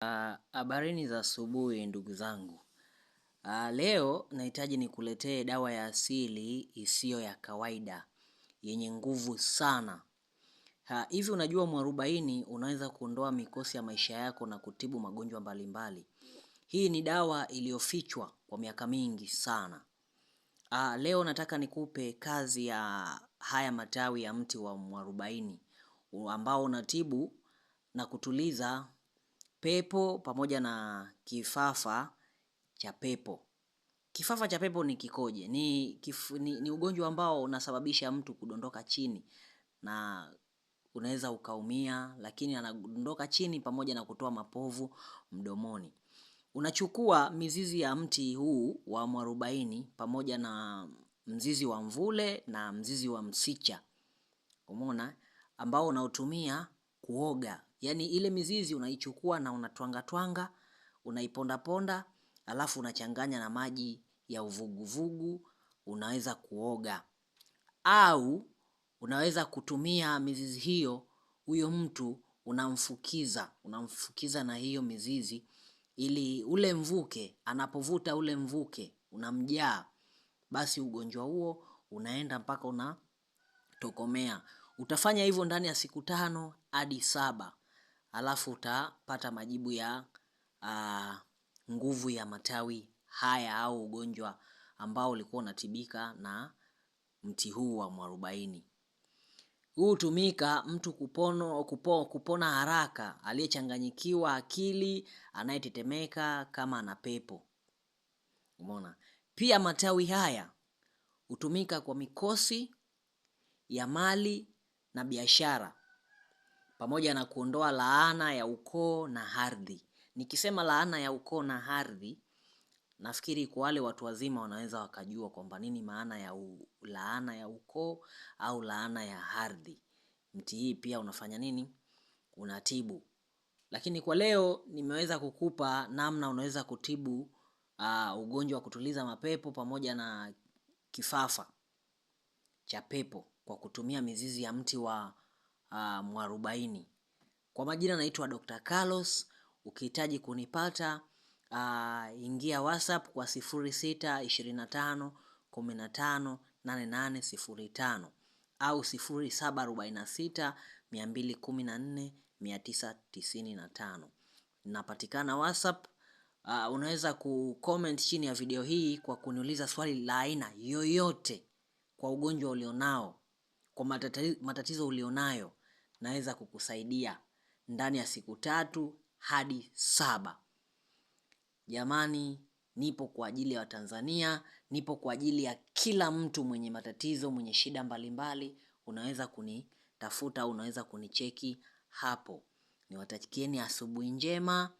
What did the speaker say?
Habarini za asubuhi ndugu zangu. Ah, leo nahitaji nikuletee dawa ya asili isiyo ya kawaida, yenye nguvu sana. Hivi unajua mwarubaini unaweza kuondoa mikosi ya maisha yako na kutibu magonjwa mbalimbali. Hii ni dawa iliyofichwa kwa miaka mingi sana. Ah, leo nataka nikupe kazi ya haya matawi ya mti wa mwarubaini. Ambao unatibu na kutuliza pepo pamoja na kifafa cha pepo. Kifafa cha pepo ni kikoje? Ni, kif, ni, ni ugonjwa ambao unasababisha mtu kudondoka chini na unaweza ukaumia, lakini anadondoka chini pamoja na kutoa mapovu mdomoni. Unachukua mizizi ya mti huu wa mwarobaini pamoja na mzizi wa mvule na mzizi wa msicha, umeona, ambao unaotumia kuoga yani ile mizizi unaichukua na unatwanga-twanga, unaiponda-ponda, alafu unachanganya na maji ya uvuguvugu, unaweza kuoga. Au unaweza kutumia mizizi hiyo, huyo mtu unamfukiza, unamfukiza na hiyo mizizi ili ule mvuke, anapovuta ule mvuke, unamjaa. Basi ugonjwa huo, unaenda mpaka unatokomea. Utafanya hivyo ndani ya siku tano hadi saba alafu utapata majibu ya uh, nguvu ya matawi haya au ugonjwa ambao ulikuwa unatibika na mti huu wa mwarobaini. Huu hutumika mtu kupono, kupo, kupona haraka, aliyechanganyikiwa akili, anayetetemeka kama ana pepo. Umeona? Pia matawi haya hutumika kwa mikosi ya mali na biashara pamoja na kuondoa laana ya ukoo na ardhi. Nikisema laana ya ukoo na ardhi, nafikiri kwa wale watu wazima wanaweza wakajua kwamba nini maana ya u, laana ya ukoo au laana ya ardhi. Mti hii pia unafanya nini? Unatibu. Lakini kwa leo nimeweza kukupa namna unaweza kutibu uh, ugonjwa wa kutuliza mapepo pamoja na kifafa cha pepo kwa kutumia mizizi ya mti wa Uh, mwarobaini. Kwa majina naitwa Dr. Carlos, ukihitaji kunipata uh, ingia WhatsApp kwa 0625 15 8805 au 0746 214 Napatikana WhatsApp, uh, unaweza kucomment chini ya video hii kwa kuniuliza swali la aina yoyote kwa ugonjwa ulionao, kwa matatizo ulionayo naweza kukusaidia ndani ya siku tatu hadi saba. Jamani, nipo kwa ajili ya Watanzania, nipo kwa ajili ya kila mtu mwenye matatizo, mwenye shida mbalimbali mbali. Unaweza kunitafuta au unaweza kunicheki hapo. Niwatakieni asubuhi njema.